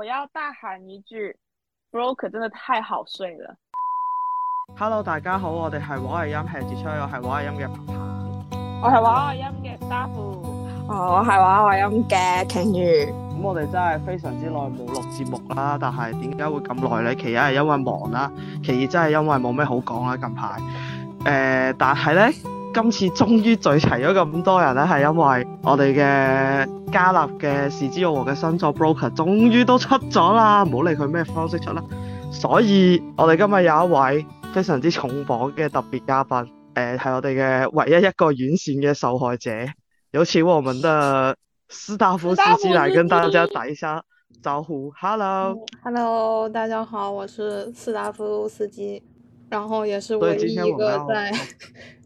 我要大喊一句，Broker 真係太好睡啦。Hello，大家好，我哋係畫外音 hea 住吹，我係畫外音嘅彭彭，我係畫外音嘅 staff 噢，我係畫外音嘅鯨魚。咁我哋真係非常之耐冇錄節目啦，但係點解會咁耐咧？其一係因為忙啦，其二真係因為冇咩好講啦近排。誒、呃，但係咧。今次終於聚齊咗咁多人咧，係因為我哋嘅加立嘅是枝裕和嘅新作 broker 終於都出咗啦，唔好理佢咩方式出啦。所以我哋今日有一位非常之重磅嘅特別嘉賓，誒、呃、係我哋嘅唯一一個遠線嘅受害者。有請我們的斯達夫斯基，斯大夫斯基來跟大家打一下招呼。Hello，Hello，大，Hello，大家好，我是斯達夫斯基，然後也是唯一一個在。